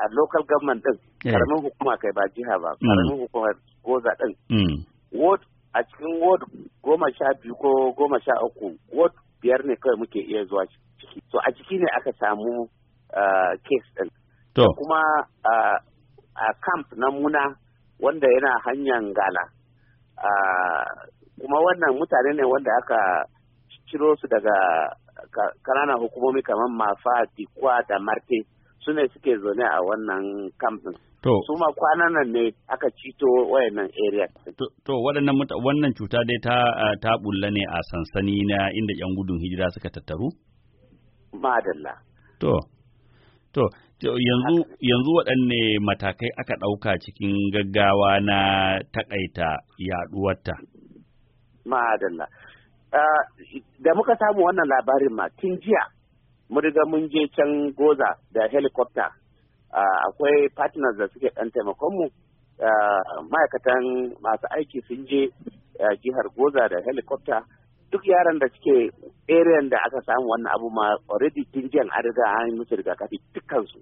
a local government din eh. karamin hukuma kai ba jiha ba mm. karamin hukumar goza din mm. ward a cikin ward goma sha biyu ko goma sha uku ward biyar ne kawai muke iya zuwa ciki so a ciki ne aka samu ah, case ɗin. to kuma ah, a camp na muna wanda yana hanyar gala ah, kuma wannan mutane ne wanda aka ciro su daga kananan hukumomi kamar mafa dikwa da marte su ne suke zaune a wannan kamfin. To. Su ma kwanan nan ne aka cito wayannan area. To, waɗannan wannan cuta dai ta ta bulla ne a sansani na inda yan gudun hijira suka tattaru? Madalla. To. To, yanzu waɗanne matakai aka ɗauka cikin gaggawa na taƙaita yaɗuwarta? Madalla. da muka samu wannan labarin ma tun jiya mun riga mun je can goza da helicopter akwai partners da suke ɗan taimakon mu ma'aikatan masu aiki sun je jihar goza da helicopter duk yaran da suke area da aka samu wannan abu ma already tun an riga an yi musu rigakafi dukkansu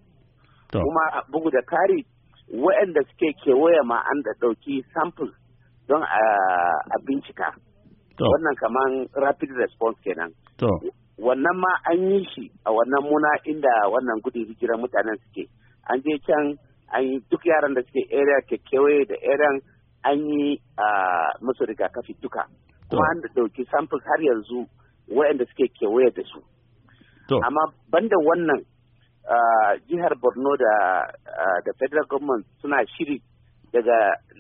kuma bugu da kari waɗanda suke kewaye ma an da ɗauki sample don a bincika wannan kaman rapid response kenan wannan ma an yi shi a wannan muna inda wannan gudun hijira mutanen suke an je can an yi duk yaran da suke area kekewaye da area an yi musu rigakafi duka kuma an da dauki samples har yanzu wayanda suke kewaye da su amma banda wannan jihar borno da da federal government suna shiri daga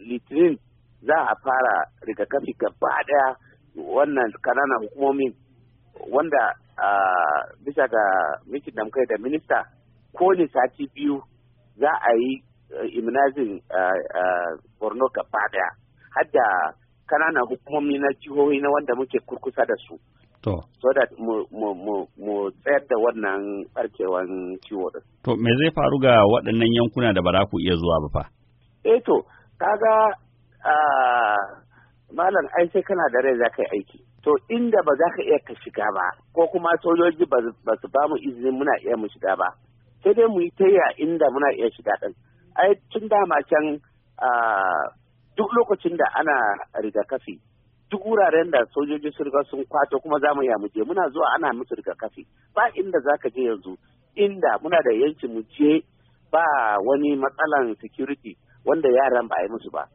litinin za a fara rigakafi gaba daya wannan kananan hukumomin wanda bisa ga mikin da da minista ko ne sati biyu za a yi eh, immunizing eh, eh, borno gaba daya har da kananan hukumomi na jihohi na wanda muke kurkusa da su To. So that mu tsayar da wannan barkewan ciwo da. To me zai faru ga waɗannan yankuna da ba iya zuwa ba fa? Eh to, kaga ah, malam ai sai kana da rai za ka yi aiki. to inda ba za ka iya ka shiga ba ko kuma sojoji ba su ba mu izinin muna iya mu shiga ba sai dai mu yi taya inda muna iya shiga ɗin ai tun dama can duk lokacin da ana rigakafi duk wuraren da sojoji sun riga sun kwato kuma za mu iya je muna zuwa ana musu rigakafi ba inda za ka je yanzu inda muna da yanci mu je ba wani matsalan security wanda yaran ba a yi musu ba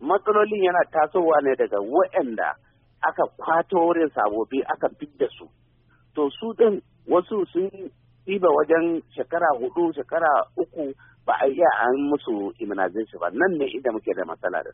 matsalolin yana tasowa ne daga waɗanda aka kwato wurin sabobi aka da su to su ɗin wasu sun ɗiba wajen shekara hudu shekara uku ba a iya an musu immunization ba nan ne inda muke da matsala da